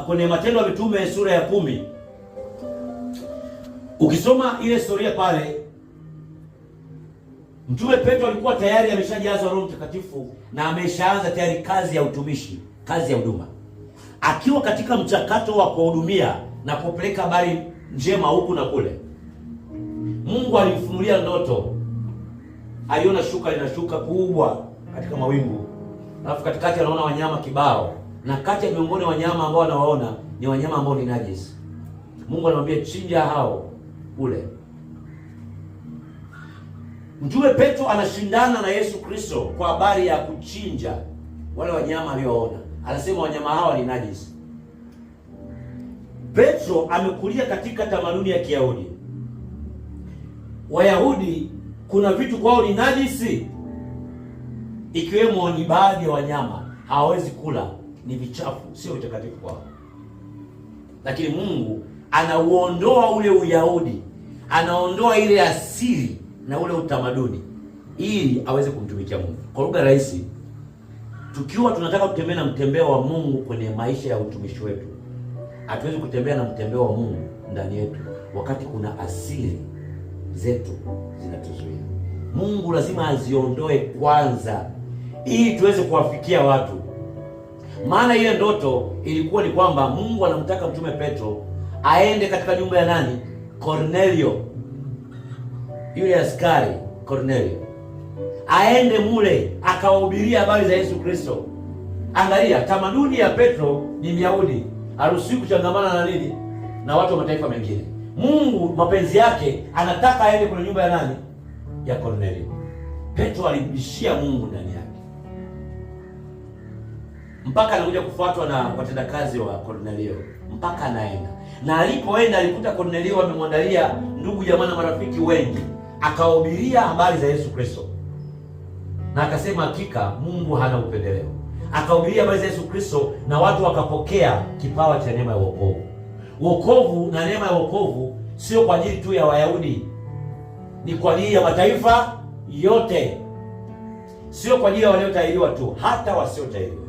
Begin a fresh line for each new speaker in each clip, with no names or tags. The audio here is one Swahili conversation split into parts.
kwenye Matendo ya Mitume sura ya kumi, ukisoma ile historia pale, Mtume Petro alikuwa tayari ameshajazwa Roho Mtakatifu na ameshaanza tayari kazi ya utumishi, kazi ya huduma, akiwa katika mchakato wa kuwahudumia na kupeleka habari njema huku na kule. Mungu alimfunulia ndoto, aliona shuka linashuka kubwa katika mawingu, alafu katikati anaona wanyama kibao na kati ya miongoni wanyama ambao anawaona ni wanyama ambao ni najis. Mungu anamwambia chinja hao ule. Mtume Petro anashindana na Yesu Kristo kwa habari ya kuchinja wale wanyama aliowaona, anasema wanyama hawa ni najisi. Petro amekulia katika tamaduni ya Kiyahudi. Wayahudi kuna vitu kwao ni najisi, ikiwemo ni baadhi ya wanyama hawawezi kula ni vichafu, sio utakatifu kwao. Lakini Mungu anauondoa ule Uyahudi, anaondoa ile asili na ule utamaduni ili aweze kumtumikia Mungu. Kwa lugha rahisi, tukiwa tunataka kutembea na mtembeo wa Mungu kwenye maisha ya utumishi wetu, hatuwezi kutembea na mtembeo wa Mungu ndani yetu wakati kuna asili zetu zinatuzuia. Mungu lazima aziondoe kwanza, ili tuweze kuwafikia watu. Maana ile ndoto ilikuwa ni kwamba Mungu anamtaka mtume Petro aende katika nyumba ya nani? Cornelio, yule askari Cornelio, aende mule akawahubiria habari za Yesu Kristo. Angalia, tamaduni ya Petro ni Myahudi, haruhusiwi kuchangamana na nini na watu wa mataifa mengine. Mungu mapenzi yake anataka aende kwenye nyumba ya nani? Ya Cornelio. Petro alimjishia Mungu ndani yake mpaka anakuja kufuatwa na watendakazi wa Kornelio, mpaka anaenda na alipoenda alikuta Kornelio amemwandalia ndugu jamaa na marafiki wengi, akawahubiria habari za Yesu Kristo, na akasema hakika Mungu hana upendeleo. Akahubiria habari za Yesu Kristo na watu wakapokea kipawa cha neema ya wokovu. Wokovu na neema ya wokovu sio kwa ajili tu ya Wayahudi, ni kwa ajili ya mataifa yote, sio kwa ajili ya waliotahiriwa tu, hata wasiotahiriwa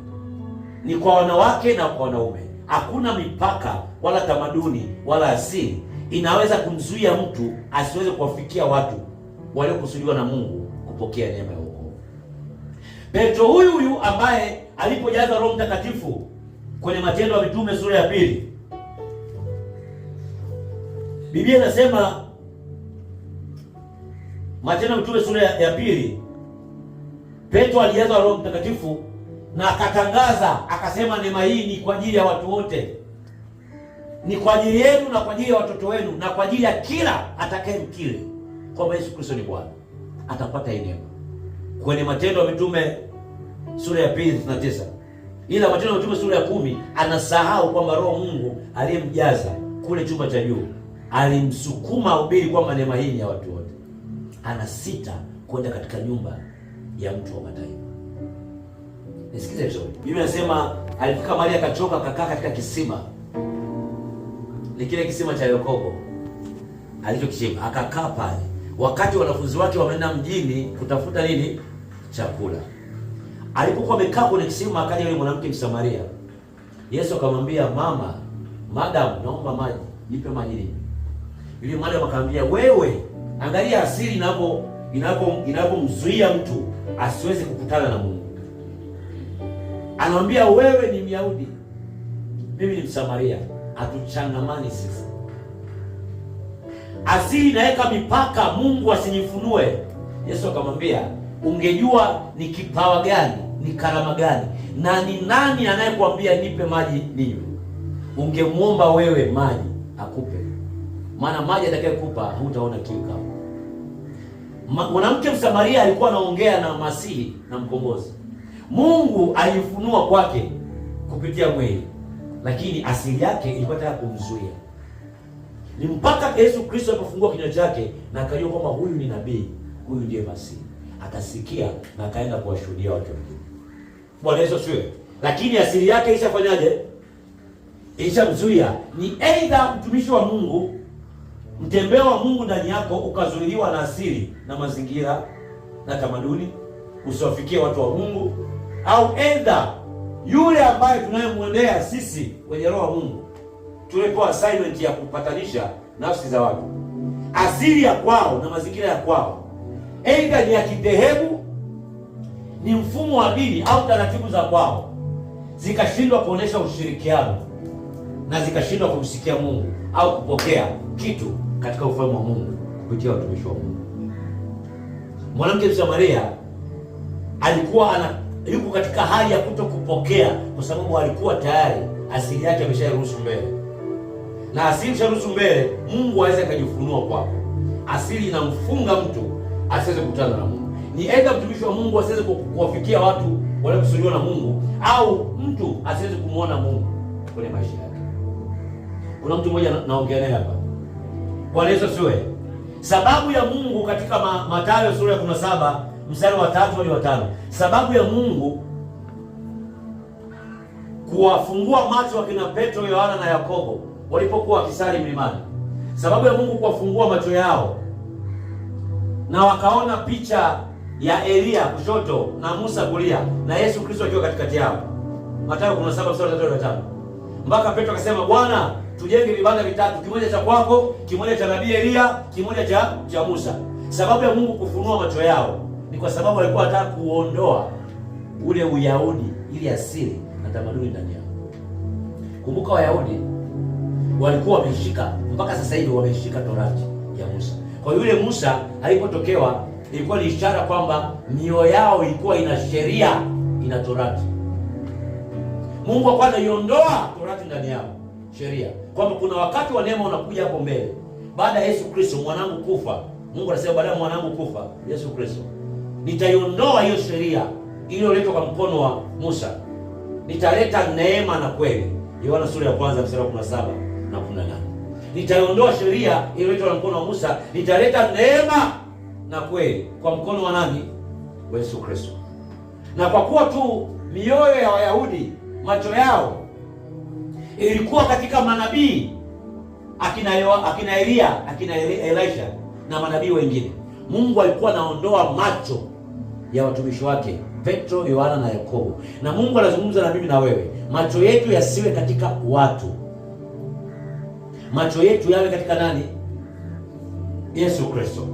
ni kwa wanawake na kwa wanaume. Hakuna mipaka wala tamaduni wala asili inaweza kumzuia mtu asiweze kuwafikia watu waliokusudiwa na Mungu kupokea neema ya wokovu. Petro huyu huyu ambaye alipojaza Roho Mtakatifu kwenye Matendo ya Mitume sura ya pili, Biblia inasema Matendo ya Mitume sura ya pili, Petro alijaza Roho Mtakatifu na akatangaza akasema, neema hii ni kwa ajili ya watu wote, ni kwa ajili yenu na kwa ajili ya watoto wenu na kwa ajili ya kila atakaye mkile kwamba Yesu Kristo ni Bwana atapata hii neema. Kwenye Matendo ya Mitume sura ya pili na tisa, ila Matendo ya Mitume sura ya kumi anasahau kwamba Roho Mungu aliyemjaza kule chumba cha juu alimsukuma ubiri kwamba neema hii ni ya watu wote, anasita kwenda katika nyumba ya mtu wa mataifa. Nisikize vizuri. Biblia inasema alifika mahali akachoka, akakaa katika kisima. Ni kile kisima cha Yakobo kisima akakaa pale, wakati wanafunzi wake wameenda mjini kutafuta nini chakula. Alipokuwa amekaa kwenye kisima, akaja yule mwanamke Msamaria. Yesu akamwambia, mama, madam, naomba maji, nipe maji nini. Yule mwanamke akamwambia, wewe angalia asili inapo inapomzuia mtu asiweze kukutana na Mungu anamwambia wewe ni Myahudi, mimi ni Msamaria, atuchangamani sisi. Asili inaweka mipaka, Mungu asinifunue. Yesu akamwambia ungejua ni kipawa gani, ni karama gani, na ni nani anayekwambia nipe maji ninywe, ungemwomba wewe maji akupe, maana maji atakayekupa hutaona kiu kama. Mwanamke Msamaria alikuwa anaongea na Masihi na mkombozi Mungu alifunua kwake kupitia mwili, lakini asili yake ilikuwa tayari kumzuia. Ni mpaka Yesu Kristo alipofungua kinywa chake na akajua kwamba huyu ni nabii, huyu ndiye Masihi, akasikia na akaenda kuwashuhudia watu wengine. Bwana Yesu asiwe, lakini asili yake ishafanyaje? Ishamzuia. Ni aidha mtumishi wa Mungu, mtembeo wa Mungu ndani yako ukazuiliwa na asili na mazingira na tamaduni, usiwafikie watu wa Mungu au edha yule ambaye tunayemwendea sisi kwenye roho wa Mungu, tulipewa assignment ya kupatanisha nafsi za watu, asili ya kwao na mazingira ya kwao, aidha ni ya kidhehebu, ni mfumo wa dini au taratibu za kwao, zikashindwa kuonesha ushirikiano na zikashindwa kumsikia Mungu au kupokea kitu katika ufalme wa Mungu kupitia watumishi wa Mungu. Mwanamke Msamaria alikuwa ana yuko katika hali ya kuto kupokea, kwa sababu alikuwa tayari asili yake ameshairuhusu mbele, na asili sharuhusu mbele, Mungu aweze akajifunua kwako. Asili inamfunga mtu asiweze kukutana na Mungu, ni aidha mtumishi wa Mungu asiweze kuwafikia watu waliokusudiwa na Mungu, au mtu asiweze kumwona Mungu kwenye maisha yake. Kuna mtu mmoja naongea naye hapa kwa Yesu siwe sababu ya Mungu katika Mathayo sura ya 17 mstari wa tatu hadi wa tano. Sababu ya Mungu kuwafungua macho wakina Petro, Yohana na Yakobo walipokuwa wakisali mlimani, sababu ya Mungu kuwafungua macho yao na wakaona picha ya elia kushoto na Musa kulia na Yesu Kristo akiwa katikati yao, Mathayo 173 tano, mpaka Petro akasema, Bwana, tujenge vibanda vitatu, kimoja cha kwako, kimoja cha nabii elia kimoja cha cha Musa. Sababu ya Mungu kufunua macho yao ni kwa sababu alikuwa anataka kuondoa ule Uyahudi, ili asili na tamaduni ndani yao. Kumbuka Wayahudi walikuwa wameshika mpaka sasa hivi wameshika torati ya Musa. Kwa yule Musa alipotokewa ilikuwa ni ishara kwamba mioyo yao ilikuwa ina sheria, ina torati. Mungu alikuwa anaiondoa torati ndani yao, sheria, kwamba kuna wakati wa neema unakuja hapo mbele, baada ya Yesu Kristo mwanangu kufa. Mungu anasema baada ya mwanangu kufa Yesu Kristo nitaiondoa hiyo sheria iliyoletwa kwa mkono wa Musa, nitaleta neema na kweli. Yohana sura ya kwanza mstari wa 17 na 18. Nitaiondoa sheria iliyoletwa na mkono wa Musa, nitaleta neema na kweli kwa mkono wa nani? Wa Yesu Kristo. Na kwa kuwa tu mioyo ya Wayahudi macho yao ilikuwa katika manabii akina akina Elia akina Elisha na manabii wengine, Mungu alikuwa anaondoa macho ya watumishi wake Petro, Yohana na Yakobo. Na Mungu anazungumza na mimi na wewe, macho yetu yasiwe katika watu, macho yetu yawe katika nani? Yesu Kristo.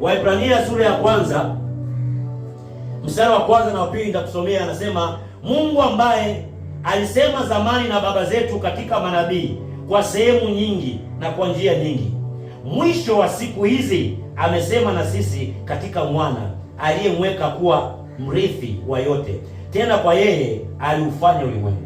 Waibrania sura ya kwanza mstari wa kwanza na wa pili nitakusomea. Anasema Mungu ambaye alisema zamani na baba zetu katika manabii kwa sehemu nyingi na kwa njia nyingi, mwisho wa siku hizi amesema na sisi katika mwana aliyemweka kuwa mrithi wa yote, tena kwa yeye aliufanya ulimwengu.